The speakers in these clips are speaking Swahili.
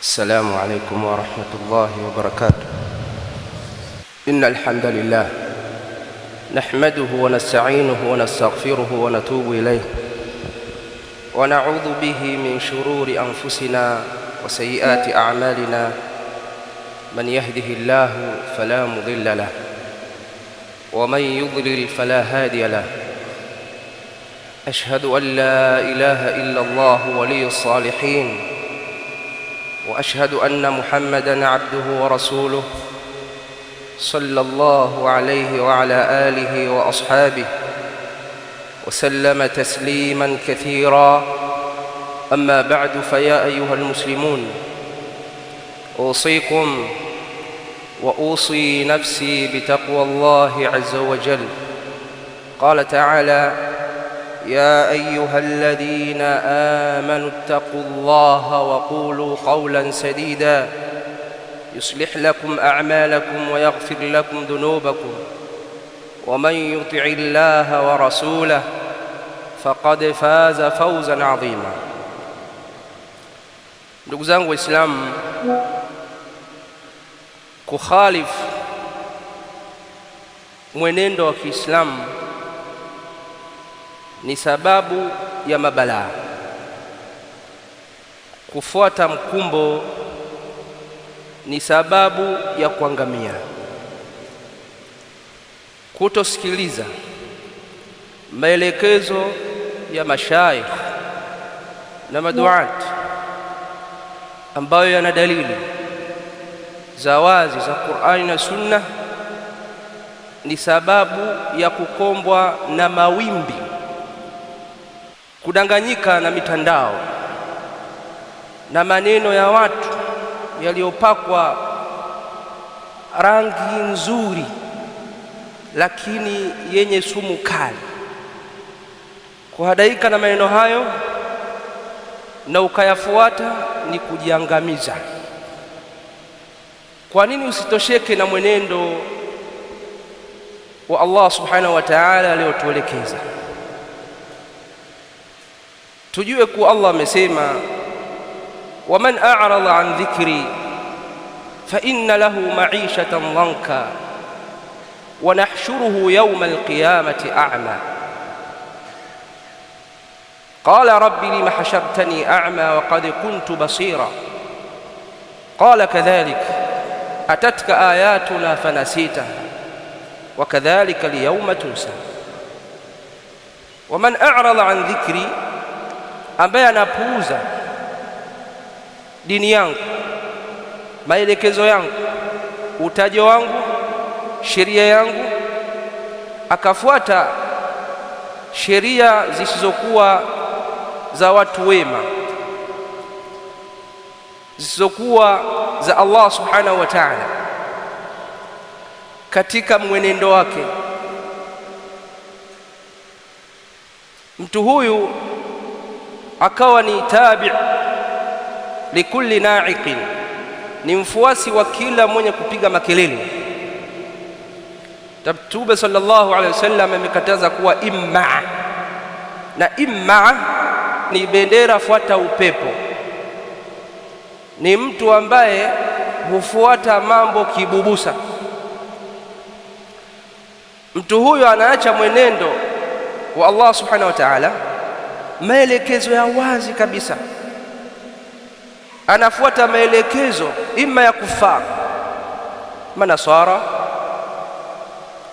السلام عليكم ورحمة الله وبركاته إن الحمد لله نحمده ونستعينه ونستغفره ونتوب إليه ونعوذ به من شرور أنفسنا وسيئات أعمالنا من يهده الله فلا مضل له ومن يضلل فلا هادي له أشهد أن لا إله إلا الله ولي الصالحين واشهد ان محمدا عبده ورسوله صلى الله عليه وعلى اله واصحابه وسلم تسليما كثيرا اما بعد فيا ايها المسلمون اوصيكم واوصي نفسي بتقوى الله عز وجل قال تعالى يا ايها الذين امنوا اتقوا الله وقولوا قولا سديدا يصلح لكم اعمالكم ويغفر لكم ذنوبكم ومن يطع الله ورسوله فقد فاز فوزا عظيما ndugu zangu waislamu kukhalif mwenendo wa kiislamu ni sababu ya mabalaa. Kufuata mkumbo ni sababu ya kuangamia. Kutosikiliza maelekezo ya mashaikh na maduati ambayo yana dalili za wazi za Qur'ani na Sunna ni sababu ya kukombwa na mawimbi kudanganyika na mitandao na maneno ya watu yaliyopakwa rangi nzuri, lakini yenye sumu kali. Kuhadaika na maneno hayo na ukayafuata ni kujiangamiza. Kwa nini usitosheke na mwenendo wa Allah subhanahu wa ta'ala aliyotuelekeza? tujue kuwa Allah amesema waman a'rada an dhikri fa inna lahu ma'ishatan dhanka wa nahshuruhu yawma alqiyamati a'ma qala rabbi lima hashartani a'ma wa qad kuntu basira qala kadhalik atatka ayatuna fanasitaha wa kadhalika alyawma tunsa waman a'rada an dhikri ambaye anapuuza dini yangu, maelekezo yangu, utajo wangu, sheria yangu, akafuata sheria zisizokuwa za watu wema, zisizokuwa za Allah subhanahu wa ta'ala, katika mwenendo wake mtu huyu akawa ni tabi' likulli na'iqin, ni mfuasi wa kila mwenye kupiga makelele. Mtume sallallahu alaihi wasallam amekataza kuwa imma na imma ni bendera fuata upepo, ni mtu ambaye hufuata mambo kibubusa. Mtu huyo anaacha mwenendo wa Allah subhanahu wa ta'ala maelekezo ya wazi kabisa, anafuata maelekezo imma ya kufar manasara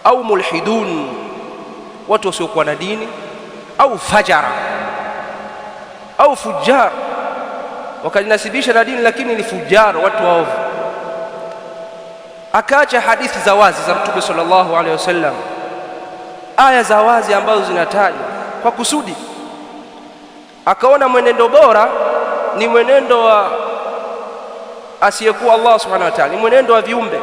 au mulhidun, watu wasiokuwa na dini, au fajara au fujar, wakajinasibisha na dini lakini ni fujar, watu waovu. Akaacha hadithi za wazi za Mtume sallallahu alaihi wasallam, aya za wazi ambazo zinatajwa kwa kusudi akaona mwenendo bora ni mwenendo wa asiyekuwa Allah subhanahu wa ta'ala, ni mwenendo wa viumbe.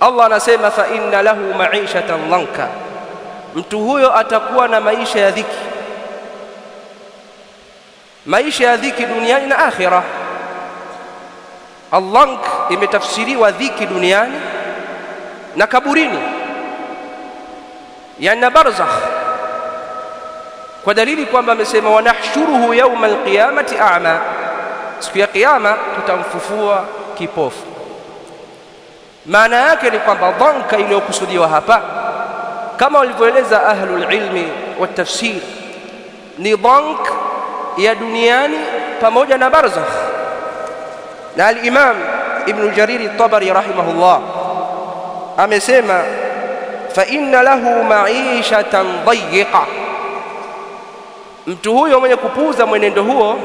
Allah anasema fa inna lahu ma'ishatan dhanka, mtu huyo atakuwa na maisha ya dhiki, maisha ya dhiki duniani na akhira. Allank imetafsiriwa dhiki duniani na kaburini, yani na barzakh kwa dalili kwamba amesema wanahshuruhu yauma alqiyamati a'ma, siku ya kiyama tutamfufua kipofu. Maana yake ni kwamba dhanka iliyokusudiwa hapa kama walivyoeleza ahlul ilmi wa tafsir ni dhank ya duniani pamoja na barzakh. Na al-Imam Ibn Jariri Tabari rahimahullah amesema fa inna lahu ma'ishatan dayiqa Mtu huyo mwenye kupuuza mwenendo huo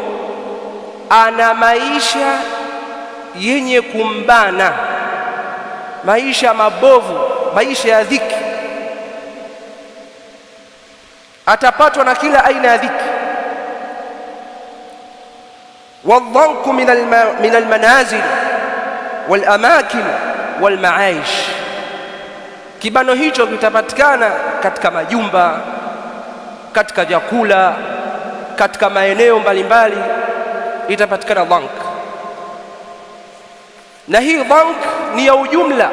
ana maisha yenye kumbana, maisha mabovu, maisha ya dhiki. Atapatwa na kila aina ya dhiki. Waldhanku min almanazil walamakin walmaaish, kibano hicho kitapatikana katika majumba, katika vyakula katika maeneo mbalimbali itapatikana dhank, na hii dhank ni ya ujumla,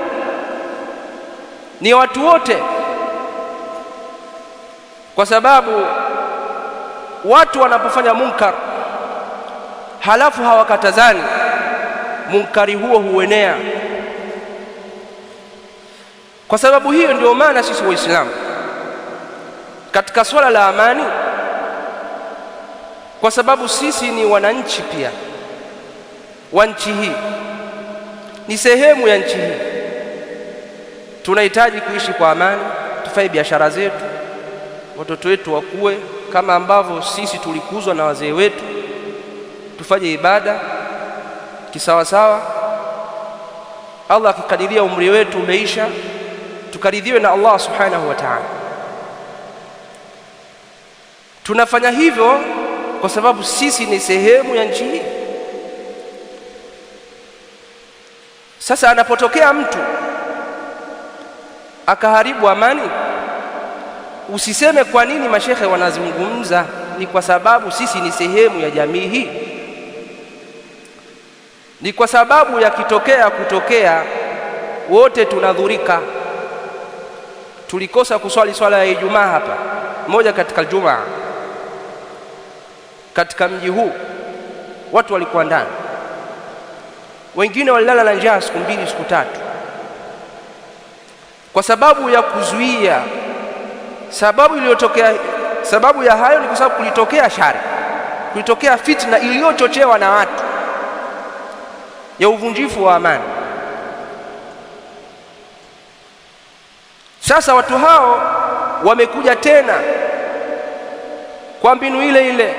ni ya watu wote, kwa sababu watu wanapofanya munkar halafu hawakatazani, munkari huo huenea. Kwa sababu hiyo, ndio maana sisi Waislamu katika swala la amani kwa sababu sisi ni wananchi pia wa nchi hii, ni sehemu ya nchi hii. Tunahitaji kuishi kwa amani, tufanye biashara zetu, watoto wetu wakue kama ambavyo sisi tulikuzwa na wazee wetu, tufanye ibada kisawasawa. Allah akikadiria umri wetu umeisha, tukaridhiwe na Allah subhanahu wa ta'ala. Tunafanya hivyo kwa sababu sisi ni sehemu ya nchi hii. Sasa anapotokea mtu akaharibu amani, usiseme kwa nini mashekhe wanazungumza. Ni kwa sababu sisi ni sehemu ya jamii hii, ni kwa sababu yakitokea kutokea wote tunadhurika. Tulikosa kuswali swala ya Ijumaa hapa moja katika Ijumaa katika mji huu watu walikuwa ndani, wengine walilala na njaa siku mbili siku tatu, kwa sababu ya kuzuia sababu iliyotokea. Sababu ya hayo ni kwa sababu kulitokea shari, kulitokea fitna iliyochochewa na watu ya uvunjifu wa amani. Sasa watu hao wamekuja tena kwa mbinu ile ile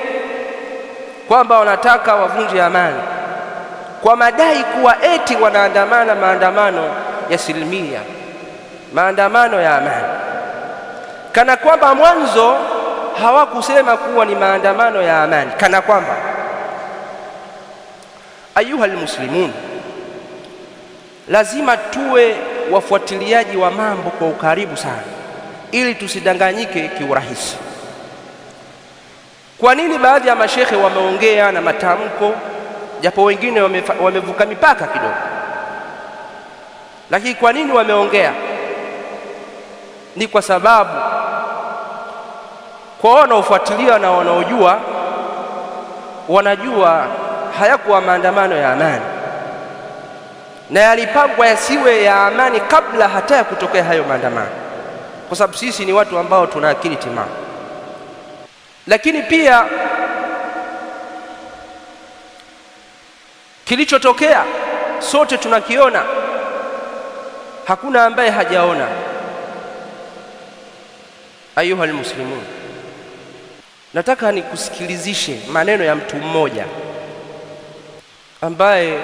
kwamba wanataka wavunje amani kwa madai kuwa eti wanaandamana maandamano ya silimia, maandamano ya amani, kana kwamba mwanzo hawakusema kuwa ni maandamano ya amani, kana kwamba. Ayuha almuslimun, lazima tuwe wafuatiliaji wa mambo kwa ukaribu sana, ili tusidanganyike kiurahisi. Kwa nini baadhi ya mashekhe wameongea na matamko, japo wengine wamevuka mipaka kidogo, lakini kwa nini wameongea? Ni kwa sababu kwa wanaofuatilia na wanaojua wanajua hayakuwa maandamano ya amani, na yalipangwa yasiwe ya amani kabla hata ya kutokea hayo maandamano, kwa sababu sisi ni watu ambao tuna akili timamu. Lakini pia kilichotokea sote tunakiona, hakuna ambaye hajaona. Ayuha almuslimun, nataka nikusikilizishe maneno ya mtu mmoja ambaye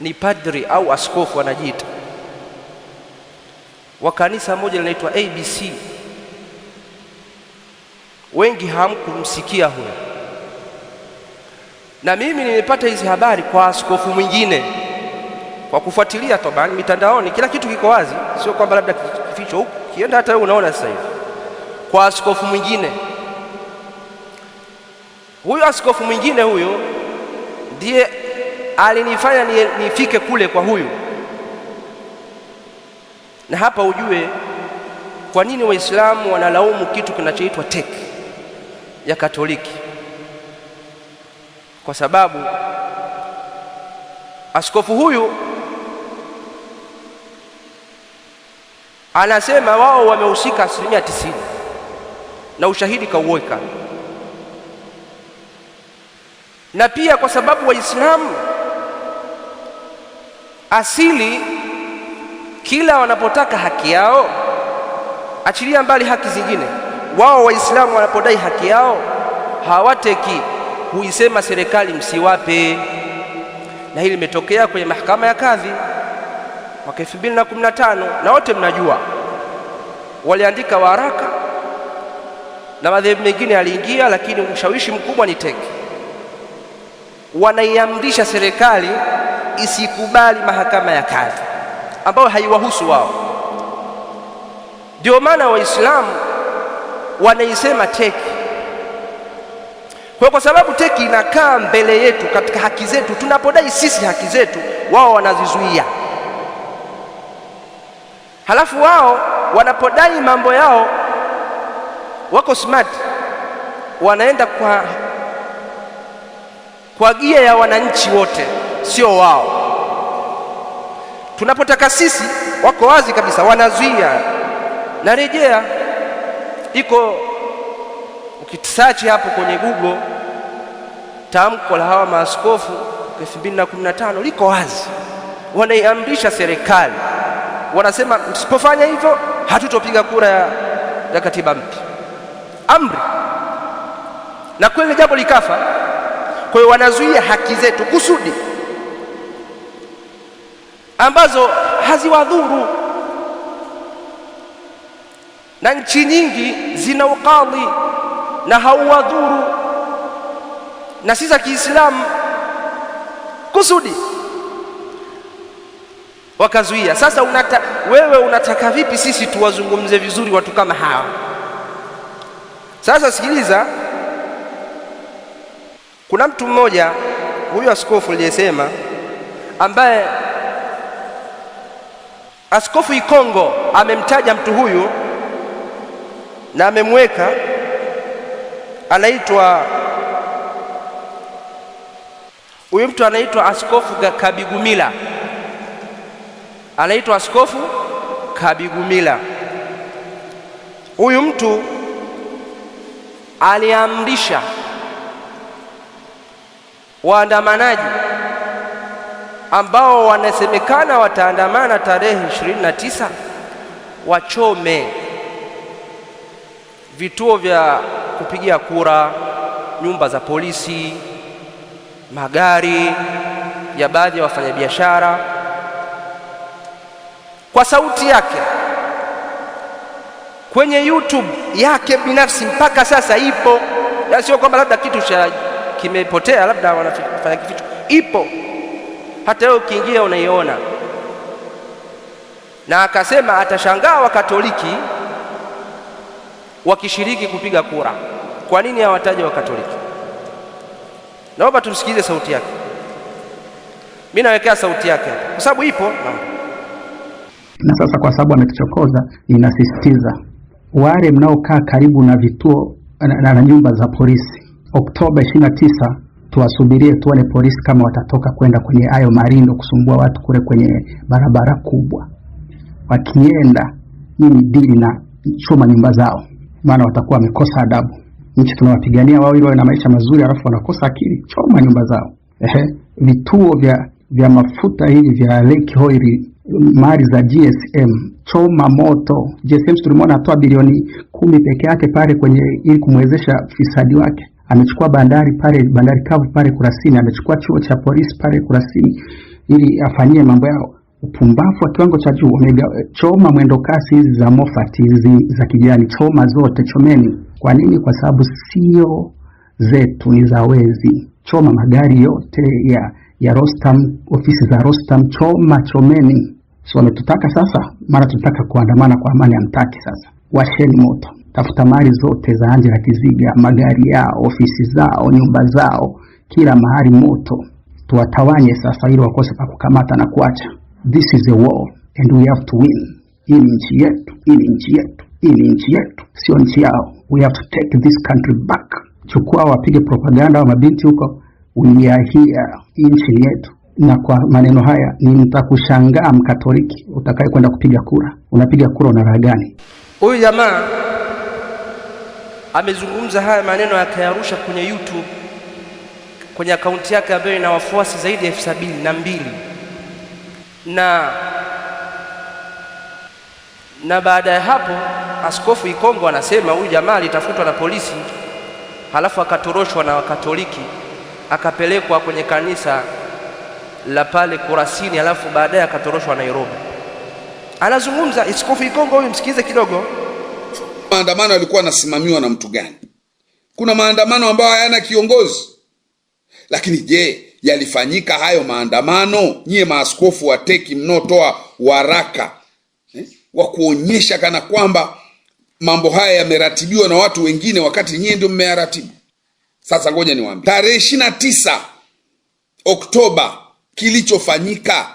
ni padri au askofu anajiita wa kanisa moja linaitwa ABC wengi hamkumsikia huyo. Na mimi nimepata hizi habari kwa askofu mwingine, kwa kufuatilia tobani mitandaoni, kila kitu kiko wazi, sio kwamba labda kificho huko, kienda, hata wewe unaona sasa hivi, kwa askofu mwingine. Huyo askofu mwingine huyo ndiye alinifanya nifike kule kwa huyu. Na hapa ujue kwa nini Waislamu wanalaumu kitu kinachoitwa teki ya Katoliki kwa sababu askofu huyu anasema wao wamehusika asilimia tisini na ushahidi kauweka, na pia kwa sababu Waislamu asili kila wanapotaka haki yao, achilia mbali haki zingine wao Waislamu wanapodai haki yao hawateki, huisema serikali msiwape. Na hili limetokea kwenye mahakama ya kadhi mwaka 2015 na wote mnajua, waliandika waraka na madhehebu mengine yaliingia, lakini ushawishi mkubwa ni teki. Wanaiamrisha serikali isikubali mahakama ya kadhi ambayo haiwahusu wao. Ndio maana Waislamu wanaisema teki. Kwa, kwa sababu teki inakaa mbele yetu katika haki zetu, tunapodai sisi haki zetu wao wanazizuia, halafu wao wanapodai mambo yao wako smart, wanaenda kwa, kwa gia ya wananchi wote, sio wao. Tunapotaka sisi wako wazi kabisa, wanazuia. Narejea iko ukisearch hapo kwenye Google tamko la hawa maaskofu elfu na liko wazi, wanaiamrisha serikali, wanasema msipofanya hivyo hatutopiga kura ya, ya katiba mpya. Amri na kweli jambo likafa. Kwa hiyo wanazuia haki zetu kusudi ambazo haziwadhuru na nchi nyingi zina ukadhi na hauwadhuru, na si za Kiislamu kusudi wakazuia. Sasa unata, wewe unataka vipi sisi tuwazungumze vizuri watu kama hawa? Sasa sikiliza, kuna mtu mmoja huyu askofu aliyesema, ambaye askofu Ikongo amemtaja mtu huyu na amemweka anaitwa huyu mtu anaitwa Askofu Kabigumila, anaitwa Askofu Kabigumila. Huyu mtu aliamrisha waandamanaji ambao wanasemekana wataandamana tarehe 29 wachome vituo vya kupigia kura, nyumba za polisi, magari ya baadhi ya wafanyabiashara. Kwa sauti yake kwenye YouTube yake binafsi mpaka sasa ipo, na sio kwamba labda kitu cha kimepotea, labda wanafanya kitu, ipo hata wewe ukiingia unaiona. Na akasema atashangaa Wakatoliki wakishiriki kupiga kura. Kwa nini hawataja Wakatoliki? Naomba tumsikilize sauti yake. Mimi nawekea sauti yake kwa sababu ipo na, na sasa kwa sababu ametuchokoza, ninasisitiza wale mnaokaa karibu na vituo na, na nyumba za polisi, Oktoba 29 tuwasubirie tuone polisi kama watatoka kwenda kwenye hayo marindo kusumbua watu kule kwenye barabara kubwa. Wakienda mimi dili na choma nyumba zao maana watakuwa wamekosa adabu. Nchi tunawapigania wao ili wawe na maisha mazuri, alafu wanakosa akili. Choma nyumba zao. Ehe, vituo vya vya mafuta hivi vya Lake Oil, mali za GSM choma moto. GSM tulimwona atoa bilioni kumi peke yake pale kwenye ili kumwezesha fisadi wake amechukua bandari pale, bandari kavu pale Kurasini, amechukua chuo cha polisi pale Kurasini ili afanyie mambo yao upumbavu wa kiwango cha juu. Eh, choma mwendo kasi hizi za mofati hizi za kijani, choma zote, chomeni. Kwa nini? Kwa sababu sio zetu, ni za wezi. Choma magari yote ya ya Rostam, ofisi za Rostam, choma, chomeni. So wametutaka sasa, mara tunataka kuandamana kwa amani, amtaki sasa, washeni moto, tafuta mali zote za Angela Kiziga, magari yao, ofisi zao, nyumba zao, kila mahali moto, tuwatawanye sasa, ili wakose pa kukamata na kuacha This is a war and we have to win. Hii ni nchi yetu, hii ni nchi yetu, hii ni nchi yetu, sio nchi yao. We have to take this country back. Chukua wapige propaganda wa mabinti huko, we are here, hii nchi ni yetu. Na kwa maneno haya ni mtakushangaa Mkatoliki utakaye kwenda kupiga kura. Unapiga kura una raha gani? Huyu jamaa amezungumza haya maneno akayarusha kwenye YouTube kwenye akaunti yake ambayo ina wafuasi zaidi ya elfu sabini na mbili na na baada ya hapo Askofu Ikongo anasema huyu jamaa alitafutwa na polisi, halafu akatoroshwa na Wakatoliki akapelekwa kwenye kanisa la pale Kurasini, halafu baadaye akatoroshwa Nairobi. Anazungumza Askofu Ikongo huyu, msikize kidogo. Maandamano yalikuwa yanasimamiwa na mtu gani? Kuna maandamano ambayo hayana kiongozi. Lakini je, yalifanyika hayo maandamano? Nyie maaskofu wa teki mnaotoa waraka eh, wa kuonyesha kana kwamba mambo haya yameratibiwa na watu wengine, wakati nyie ndio mmeyaratibu. Sasa ngoja niwaambie, tarehe ishirini na tisa Oktoba kilichofanyika,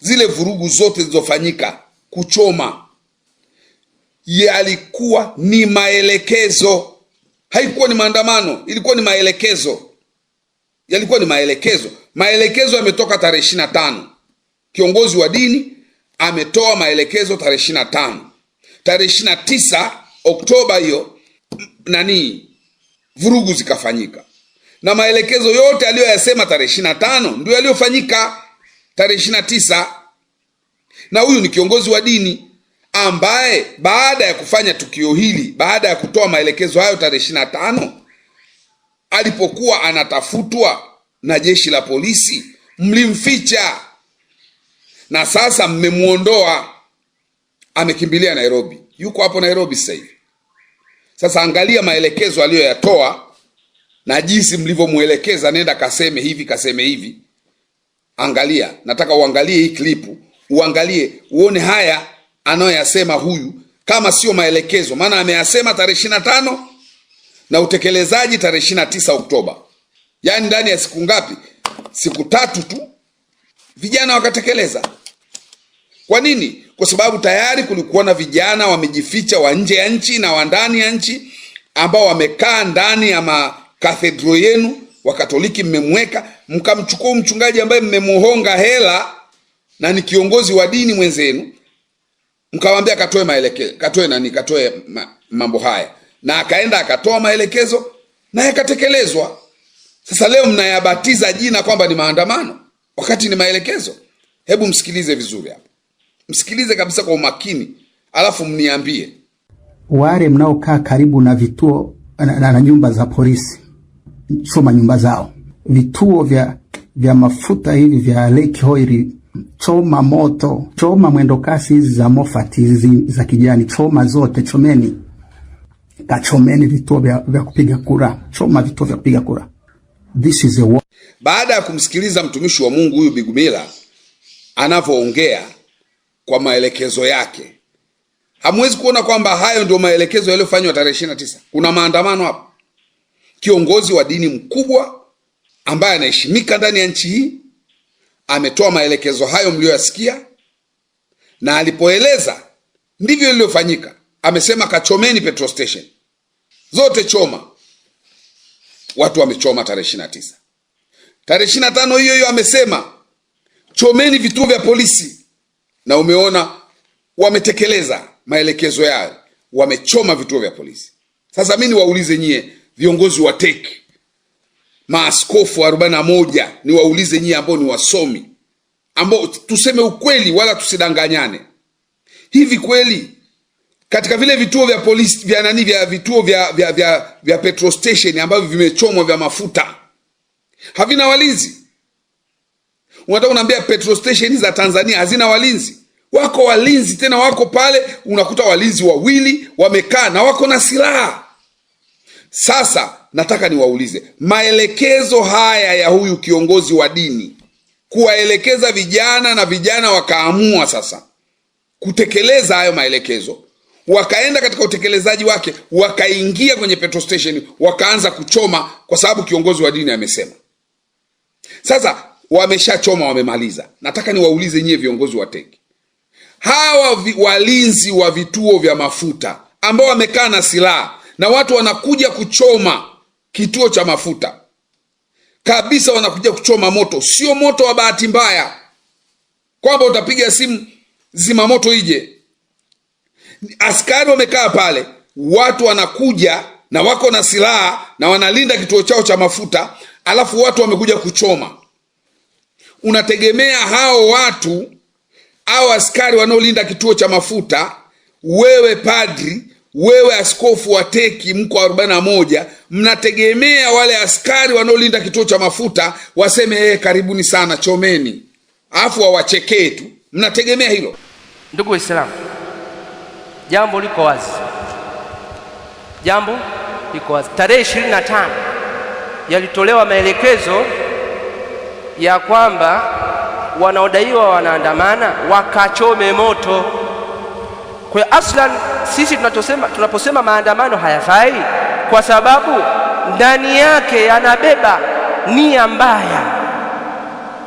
zile vurugu zote zilizofanyika, kuchoma yalikuwa ni maelekezo, haikuwa ni maandamano, ilikuwa ni maelekezo yalikuwa ni maelekezo. Maelekezo yametoka tarehe ishirini na tano. Kiongozi wa dini ametoa maelekezo tarehe ishirini na tano. Tarehe ishirini na tisa Oktoba hiyo nani, vurugu zikafanyika, na maelekezo yote aliyoyasema tarehe ishirini na tano ndio yaliyofanyika tarehe ishirini na tisa. Na huyu ni kiongozi wa dini ambaye baada ya kufanya tukio hili, baada ya kutoa maelekezo hayo tarehe ishirini na tano alipokuwa anatafutwa na jeshi la polisi, mlimficha na sasa mmemwondoa. Amekimbilia Nairobi, yuko hapo Nairobi sasa hivi. Sasa angalia maelekezo aliyoyatoa na jinsi mlivyomwelekeza, nenda kaseme hivi, kaseme hivi. Angalia, nataka uangalie hii klipu, uangalie uone haya anayoyasema huyu, kama sio maelekezo, maana ameyasema tarehe ishirini na tano na utekelezaji tarehe 29 Oktoba. Yaani ndani ya siku ngapi? Siku tatu tu vijana wakatekeleza. Kwa nini? Kwa sababu tayari kulikuwa na vijana wamejificha wa nje ya nchi na wa ndani ya nchi ambao wamekaa ndani ya makathedro yenu wa Katoliki, mmemweka mkamchukua mchungaji ambaye mmemuhonga hela na ni kiongozi wa dini mwenzenu, mkamwambia katoe maelekezo, katoe nani, katoe mambo haya na akaenda akatoa maelekezo na yakatekelezwa. Sasa leo mnayabatiza jina kwamba ni maandamano wakati ni maelekezo. Hebu msikilize vizuri hapa, msikilize kabisa kwa umakini, alafu mniambie wale mnaokaa karibu na vituo na, na, na nyumba za polisi, sio nyumba zao. Vituo vya vya mafuta hivi vya Lake Oil choma moto, choma mwendokasi hizi za Moffat hizi za kijani, choma zote, chomeni Kachomeni vituo vya, vya kupiga kura. Choma vituo vya kupiga kura. This is a baada ya kumsikiliza mtumishi wa Mungu huyu Bigumila anavyoongea kwa maelekezo yake, hamwezi kuona kwamba hayo ndio maelekezo yaliyofanywa tarehe 29? Kuna maandamano hapo, kiongozi wa dini mkubwa ambaye anaheshimika ndani ya nchi hii ametoa maelekezo hayo mliyoyasikia, na alipoeleza ndivyo ilivyofanyika Amesema kachomeni petrol station zote choma. Watu wamechoma tarehe ishirini na tisa. Tarehe ishirini na tano hiyo hiyo amesema chomeni vituo vya polisi, na umeona wametekeleza maelekezo yao, wamechoma vituo vya polisi. Sasa mi niwaulize nyie viongozi wa TEC maaskofu arobaini na moja niwaulize nyie ambao ni wasomi ambao tuseme ukweli wala tusidanganyane, hivi kweli katika vile vituo vya polisi vya nani vya vituo vya, vya, vya, vya petrol station ambavyo vimechomwa vya mafuta havina walinzi. Unataka unaambia petrol station za Tanzania hazina walinzi? Wako walinzi, tena wako pale, unakuta walinzi wawili wamekaa na wako na silaha. Sasa nataka niwaulize, maelekezo haya ya huyu kiongozi wa dini kuwaelekeza vijana na vijana wakaamua sasa kutekeleza hayo maelekezo wakaenda katika utekelezaji wake, wakaingia kwenye petrol station, wakaanza kuchoma, kwa sababu kiongozi wa dini amesema. Sasa wameshachoma, wamemaliza. Nataka niwaulize nyie viongozi wa teki, hawa vi, walinzi wa vituo vya mafuta ambao wamekaa na silaha na watu wanakuja kuchoma kituo cha mafuta kabisa, wanakuja kuchoma moto, sio moto wa bahati mbaya kwamba utapiga simu zimamoto ije askari wamekaa pale, watu wanakuja na wako na silaha na wanalinda kituo chao cha mafuta, alafu watu wamekuja kuchoma. Unategemea hao watu au askari wanaolinda kituo cha mafuta, wewe padri, wewe askofu wa teki, mko arobaini na moja, mnategemea wale askari wanaolinda kituo cha mafuta waseme ee, karibuni sana, chomeni, alafu wawachekee tu? Mnategemea hilo, ndugu Waislamu? Jambo liko wazi, jambo liko wazi. Tarehe ishirini na tano yalitolewa maelekezo ya kwamba wanaodaiwa wanaandamana wakachome moto. Kwa hiyo aslan, sisi tunachosema, tunaposema maandamano hayafai, kwa sababu ndani yake yanabeba nia mbaya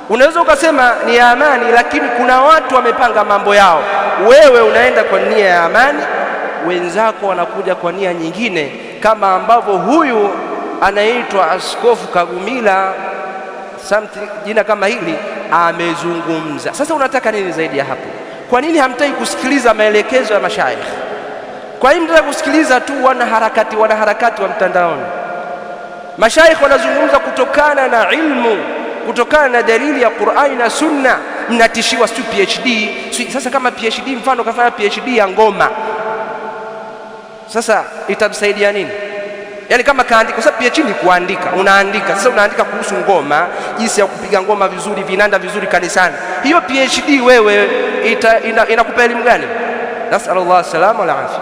Unaweza ukasema ni ya amani, lakini kuna watu wamepanga mambo yao. Wewe unaenda kwa nia ya amani, wenzako wanakuja kwa nia nyingine, kama ambavyo huyu anaitwa Askofu Kagumila something, jina kama hili amezungumza. Sasa unataka nini zaidi ya hapo? Kwa nini hamtaki kusikiliza maelekezo ya mashaikh? Kwa nini mnataka kusikiliza tu wanaharakati wanaharakati wa mtandaoni? Mashaikh wanazungumza kutokana na ilmu kutokana na dalili ya Qur'ani na Sunna, mnatishiwa si PhD. Sasa kama PhD, mfano kafanya PhD ya ngoma, sasa itamsaidia nini? Yaani kama kaandika, sasa PhD ni kuandika, unaandika. Sasa unaandika kuhusu ngoma, jinsi ya kupiga ngoma vizuri, vinanda vizuri kanisani. Hiyo PhD wewe ita, ina, inakupa elimu gani? Nasalullah salama wal afia.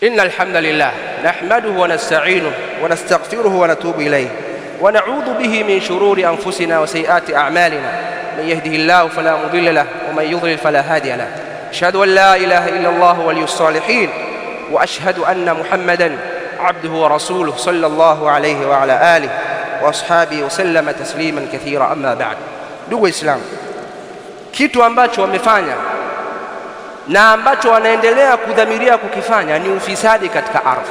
Innal hamdalillah nahmaduhu wa nasta'inuhu wa nastaghfiruhu wa natubu ilayhi ونعوذ به من شرور أنفسنا وسيئات أعمالنا من يهده الله فلا مضل له ومن يضلل فلا هادي له أشهد أن لا إله إلا الله ولي الصالحين وأشهد أن محمدا عبده ورسوله صلى الله عليه وعلى آله وأصحابه وسلم تسليما كثيرا أما بعد ndugu waislamu kitu ambacho wamefanya na ambacho wanaendelea kudhamiria kukifanya ni ufisadi katika ardhi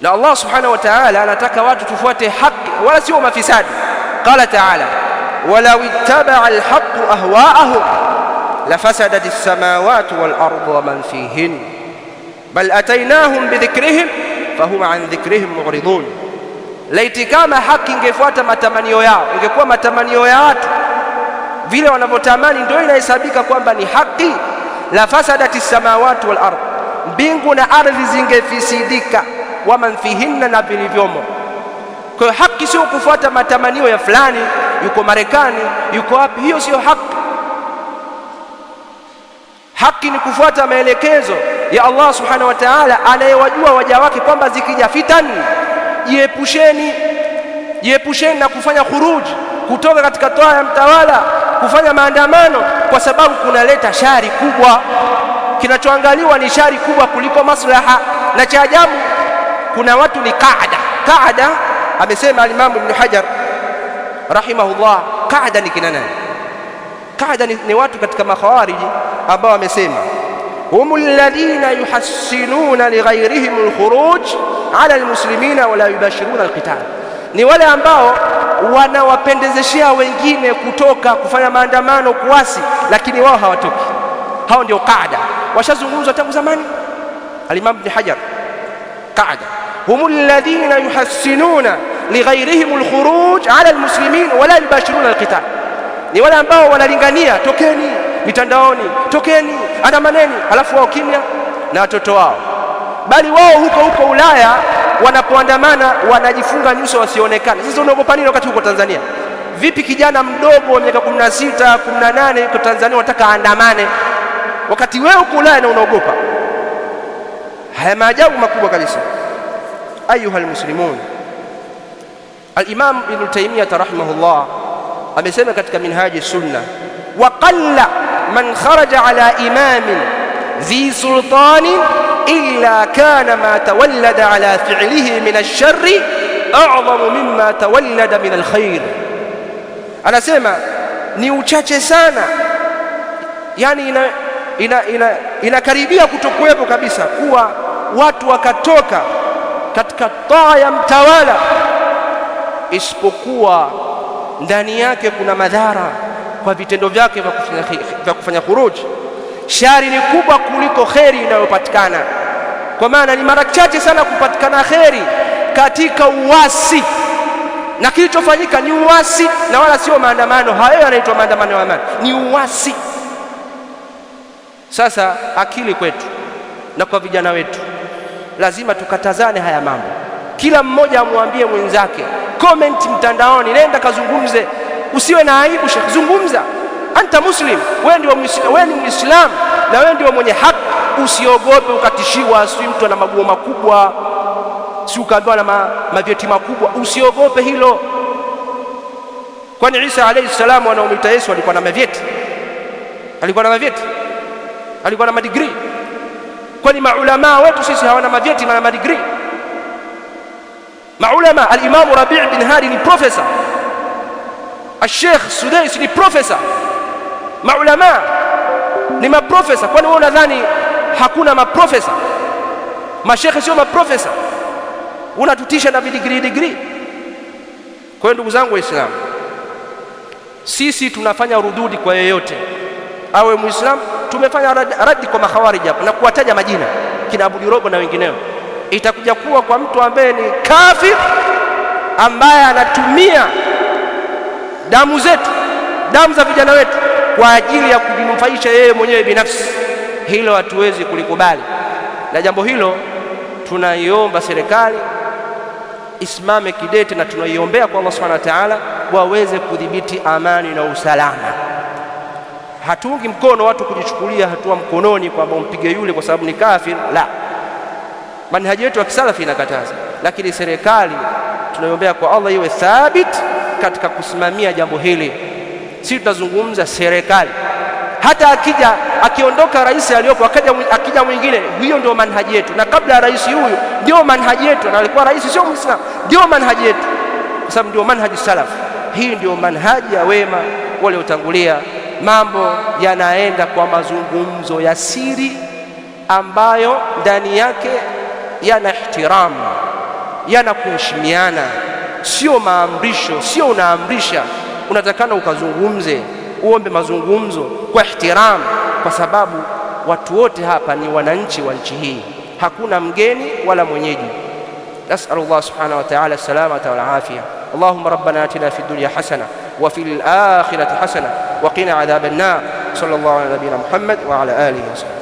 لا الله سبحانه وتعالى لا تكواد تفوت حق ولا سوى مفساد قال تعالى ولو اتبع الحق أهواءهم لفسدت السماوات والأرض ومن فيهن بل أتيناهم بذكرهم فهم عن ذكرهم معرضون ليتكام حق انجفوات ما تمنيو يا انجفوا ما تمنيو يا vile wanavyotamani ndio inahesabika kwamba ni haki la fasadati samawati wal ardh mbingu na ardhi wa man fihinna, na vilivyomo. Kwa hiyo haki sio kufuata matamanio ya fulani, yuko Marekani, yuko wapi. Hiyo siyo haki. Haki ni kufuata maelekezo ya Allah subhanahu wa ta'ala, anayewajua waja wake kwamba zikija fitani, jiepusheni, jiepusheni na kufanya khuruji, kutoka katika toa ya mtawala, kufanya maandamano, kwa sababu kunaleta shari kubwa. Kinachoangaliwa ni shari kubwa kuliko maslaha, na cha ajabu kuna watu ni qaada. Qaada amesema alimamu Ibn Hajar rahimahullah, qaada ni kina nani? Qaada ni, ni watu katika makhawariji ambao wamesema hum alladhina yuhassinuna lighairihim alkhuruj ala almuslimina wala yubashiruna alqital, ni wale ambao wanawapendezeshea wengine kutoka kufanya maandamano, kuasi, lakini wao hawatoki. Hao ndio qaada, washazungumzwa tangu zamani. Alimamu Ibn Hajar qaada هم ladhina يحسنون lighairihim الخروج ala المسلمين wala yubashiruna القتال ni wale ambao wanalingania tokeni mitandaoni, tokeni andamaneni, halafu wao kimya na watoto wao, bali wao huko huko Ulaya wanapoandamana wanajifunga nyuso wasionekane. Sasa unaogopa nini wakati huko Tanzania? Vipi kijana mdogo wa miaka 16 18 huko Tanzania unataka andamane wakati wewe huko Ulaya na unaogopa? Haya maajabu makubwa kabisa. أيها المسلمون الإمام ابن تيمية رحمه الله أمسمكتك من هذه السنة وقل من خرج على إمام ذي سلطان إلا كان ما تولد على فعله من الشر أعظم مما تولد من الخير أنا سيما نيوشاتي سانا يعني إن إن إن إن كريبية كتوكويبو كبيسة هو watu wakatoka katika taa ya mtawala, isipokuwa ndani yake kuna madhara kwa vitendo vyake vya kufanya, vya kufanya khuruji. Shari ni kubwa kuliko kheri inayopatikana, kwa maana ni mara chache sana kupatikana kheri katika uasi, na kilichofanyika ni uasi na wala sio maandamano. Hayo yanaitwa maandamano ya amani, ni uasi. Sasa akili kwetu na kwa vijana wetu lazima tukatazane haya mambo, kila mmoja amwambie mwenzake. Comment mtandaoni, nenda kazungumze, usiwe na aibu. Sheikh, zungumza, anta muslim, wewe ni Muislamu na wewe ndio mwenye haki. Usiogope ukatishiwa, si mtu ana maguo makubwa, si ukaambiwa na mavyeti makubwa. Usiogope hilo, kwani Isa alayhi salamu wanaomwita Yesu alikuwa na mavyeti? Alikuwa na mavyeti? Alikuwa na madigrii? kwani maulamaa wetu sisi hawana mavyeti na madigrii maulama alimamu rabii bin hadi ni profesa ashekh sudais ni profesa maulamaa ni maprofesa kwani wewe unadhani hakuna maprofesa mashekhe sio maprofesa unatutisha na vidigrii digrii kwa hiyo ndugu zangu waislamu sisi tunafanya rududi kwa yeyote awe muislamu tumefanya raddi kwa makhawariji hapo na kuwataja majina kina Abu Dirobo na wengineo. Itakuja kuwa kwa mtu ambaye ni kafir ambaye anatumia damu zetu, damu za vijana wetu kwa ajili ya kujinufaisha yeye mwenyewe binafsi. Hilo hatuwezi kulikubali, na jambo hilo tunaiomba serikali isimame kidete, na tunaiombea kwa Allah subhanahu wa taala waweze kudhibiti amani na usalama hatuungi mkono watu kujichukulia hatua mkononi kwamba umpige yule kwa sababu ni kafir. La, manhaji yetu ya kisalafi inakataza, lakini serikali tunaiombea kwa Allah iwe thabit katika kusimamia jambo hili. Sisi tunazungumza serikali, hata akija akiondoka rais aliyopo, akija mwingine, hiyo ndio manhaji yetu, na kabla ya rais huyu ndio manhaji yetu, na alikuwa rais sio Muislamu, ndio manhaji yetu, kwa sababu ndio manhaji salafu. Hii ndio manhaji ya wema waliotangulia mambo yanaenda kwa mazungumzo ya siri ambayo ndani yake yana ihtiramu, yana kuheshimiana, sio maamrisho, sio unaamrisha. Unatakana ukazungumze, uombe mazungumzo kwa ihtiramu, kwa sababu watu wote hapa ni wananchi wa nchi hii, hakuna mgeni wala mwenyeji. Nasalu subhanahu wa ta'ala salamata wal afia. Allahumma rabbana atina fid dunya hasana وفي الآخرة حسنة وقنا عذاب النار صلى الله على نبينا محمد وعلى آله وسلم